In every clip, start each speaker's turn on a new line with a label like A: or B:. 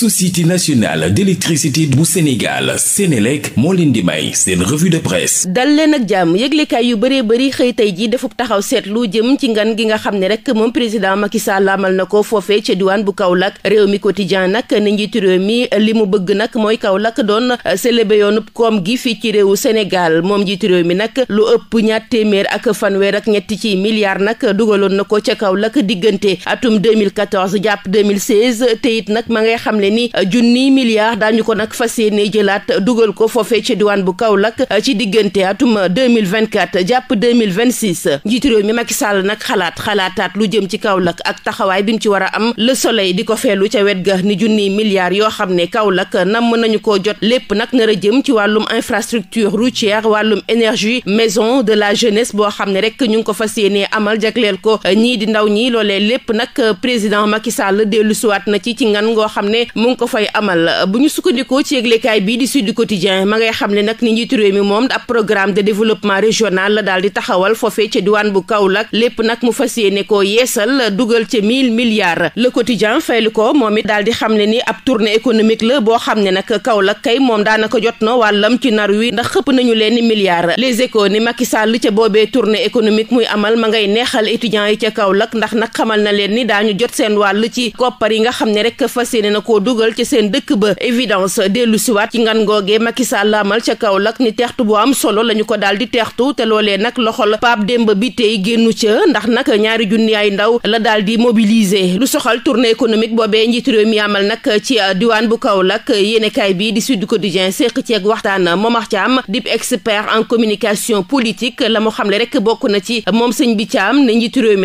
A: société nationale d'électricité bu Sénégal Sénélec moo leen di may seen revue de presse dal leen ak jàmm yëglekaay yu bëree bëri xëy ji defub taxaw seetlu jëm ci ngan gi nga xam ne rek moom président Macky Sall na ko foofee ca diwaan bu Kaolack réew mi quotidien nag ni njiitu réew mi li mu bëgg nag mooy Kaolack doon célébé yoonub gi fii ci réewu Sénégal moom njiitu réew mi nag lu ëpp ñaar téeméer ak fanweer ak ñetti ci milliards nag dugaloon na ko ca Kaolack diggante atum 2014 jàpp 2016 ne ni eh, junniy milliards daañu ko nag fas yéene jëlaat dugal ko foofee ci diwaan bu Kaolack eh, ci diggante atum 2024 eh, jàpp 2026 njiitu réew mi Macky Sall nag xalaat xalaataat lu jëm ci Kaolack ak taxawaay bi mu ci war a am Le Soleil di ko feelu ca wet ga ni junniy milliards yoo xam ne nam mën nañu ko jot lépp nag nar a jëm ci wàllum infrastructure routière wàllum énergie maison de la jeunesse boo xam ne rek ñu ngi ko fas yéene amal jagleel ko ñii di ndaw ñii loolee lépp nag président Macky Sall dellusiwaat na ci ci ngan ngoo xam ne mu ngi ko fay amal bu ñu sukkandikoo ci yëglekaay bii di Sud Quotidien ma ngay xam ne nag ni njiitu réew mi moom ab programme de développement régional la daal di taxawal foofee ca diwaan bu Kaolack lépp nag mu fas yéene koo yeesal dugal ca mille milliards Le Quotidien faylu ko moom it daal di xam ne ni ab tournée économique la boo xam ne nag Kaolack kay moom daanaka jot na wàllam ci nar wi ndax xëpp nañu leen ni milliards Les Échos ni Macky Sall ca boobee tournée économique muy ma ngay neexal étudiants yi ca Kaolack ndax nag xamal na leen ni daañu jot seen wàll ci koppar yi nga xam dugal ci seen dëkk ba évidence dellu siwaat ci ngan googee Macky Sall amal ca Kaolack ni teextu bu am solo la ñu ko daal di teextu te loolee nag loxol Pape Demba bi tey génnu ca ndax nag ñaari junni ay ndaw la daal di mobiliser lu soxal tournée économique boobee njiitu réew mi amal nag ci diwaan bu Kaolack yéenekaay bi di Sud Quotidien séq ceeg waxtaan Momar Thiam dip expert en communication politique la mu xamle rek bokk na ci moom sëñ bi Thiam ne njiitu réew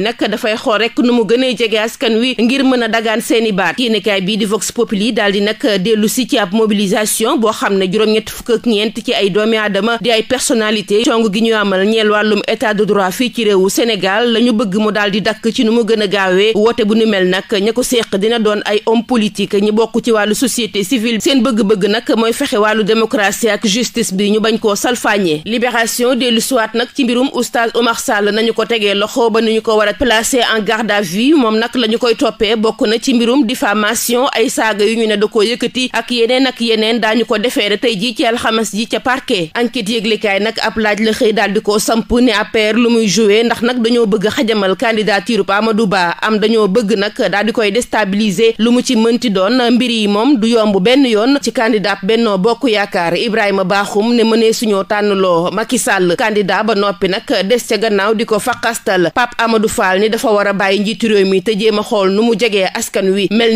A: a Populi daal di nag dellu si ci ab mobilisation boo xam ne juróom-ñett fukk ak ñeent ci ay doomi aadama di ay personnalité cong gi ñu amal ñeel wàllum état de droit fii ci réew Sénégal la ñu bëgg mu daal di dakk ci nu mu gën a gaawee woote bu nu mel nag ña ko séq dina doon ay homme politique ñi bokk ci wàllu société civile seen bëgg-bëgg nag mooy fexe wàllu démocratie ak justice bi ñu bañ koo salfaañee libération dellu siwaat nag ci mbirum oustaz Omar Sall nañu ko tegee loxo ba nu ñu ko war a placer en garde à vue moom nag la ñu koy toppee bokk na ci mbirum diffamation saaga yu ñu ne da koo yëkkati ak yeneen ak yeneen daañu ko defeere tey jii ci alxames ji ca parquet enquête yëglikaay nag ab laaj la xëy daal di ko samp ne APR lu muy joué ndax nag dañoo bëgg xajamal candidature Amadou Ba am dañoo bëgg nag daal di koy déstabiliser lu mu ci mënti doon mbir yi moom du yomb benn yoon ci candidat Benno Bokk Yaakaar Ibrahima Bakhoum ne mënee suñoo tànnloo Macky Sall candidat ba noppi nag des ca gannaaw di ko faqastal Pape amadu Fall ni dafa war a bàyyi njiitu réew mi te jéem a xool nu mu jegee askan wi mel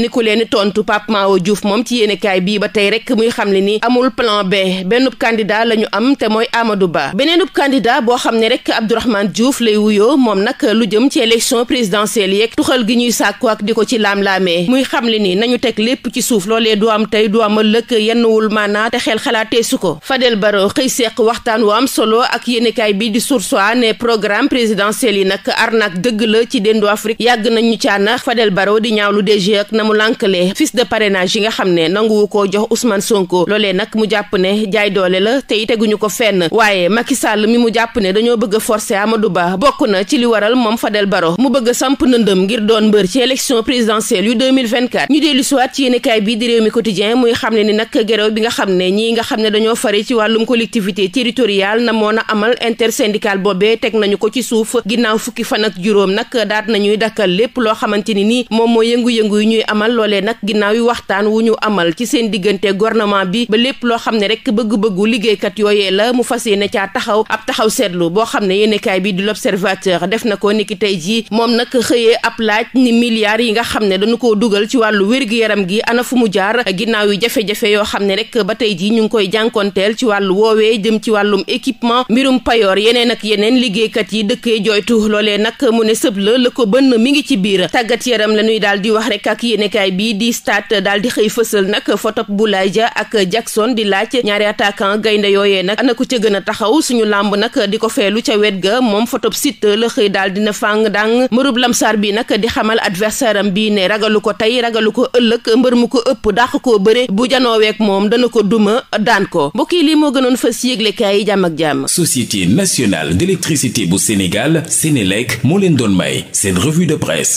A: Pape Mahawa moom ci yéenekaay bii ba tey rek muy xam le ni amul plan B benn candidat la ñu am te mooy Amadou Ba beneenub candidat boo xam ne rek Abdourahmane Diouf lay wuyoo moom nag lu jëm ci élection présidentielle yeeg tuxal gi ñuy sàkku ak di ko ci laam-laamee muy xam le ni nañu teg lépp ci suuf loolee du am tey du am lëkk ëllëg yennuwul maanaa te xel xalaatee su ko Fadel Baro xëy seq waxtaan wu am solo ak yéenekaay bi di Source A ne programme présidentiel yi nag arnaque dëgg la ci dendu Afrique yàgg nañu caana Fadel Baro di ñaawlu DG ak e na parrainage yi nga xam ne nanguwu koo jox Ousmane Sonko loolee nag mu jàpp ne jaay doole Sall mi mu jàpp ne dañoo bëgg a forcer Amadou Ba bokk na ci li waral moom Fadel Baro mu bëgg a samp nëndëm ngir doon mbër ci élection présidentielle yu 2024 ñu dellu siwaat ci yéenekaay bi di réew mi quotidien muy ne ni nga xam ne ñii nga xam ne dañoo fare ci wàllum collectivité territoriale na moon a amal intersyndical boobee teg nañu ko ci suuf ginnaaw fukki fan ak juróom nag daat nañuy dakkal lépp loo xamante ni nii moom moo yëngu-yëngu yi ñuy amal loolee nag ginnaaw waxtaan wu ñu amal ci seen diggante gouvernement bi ba lépp loo xam ne rek bëgg-bëggu liggéeykat yooyee la mu fas yéene caa taxaw ab taxaw seetlu boo xam ne yéenekaay bi di l'observateur def na ko niki tey jii moom nag xëyee ab laaj ni yi nga xam ne dañu koo dugal ci wàllu wér-gu-yaram gi ana fu mu jaar a ginnaaw yi jafe-jafe yoo xam ne rek ba tey jii ñu ngi koy jànkoonteel ci wàllu woowee jëm ci wàllum équipement mbirum payoor yeneen ak yeneen liggéeykat yi dëkkee jooytu loolee nag mu ne sëb la la ko bënn mu ngi ci biir tàggat yaram la ñuy daal di xëy fësal nag foto Boulaye ja ak Jackson di laaj ñaari attaquant gaynde yooyee nag ana ku ca gën a taxaw suñu làmb nag di ko feelu ca wet ga moom foto Siteu la xëy daal dina fàng dang mbërub lamsaar bi nag di xamal adversaire am bii ne ragalu ko tey ragalu ko ëllëg mbër mu ko ëpp dàq ko bëre bu week moom dana ko duma daan ko mbokk yi lii moo gënoon fës yëglekaay yi jàmm ak jàmm. Société nationale d'électricité bu Sénégal Sénélec moo leen doon may seen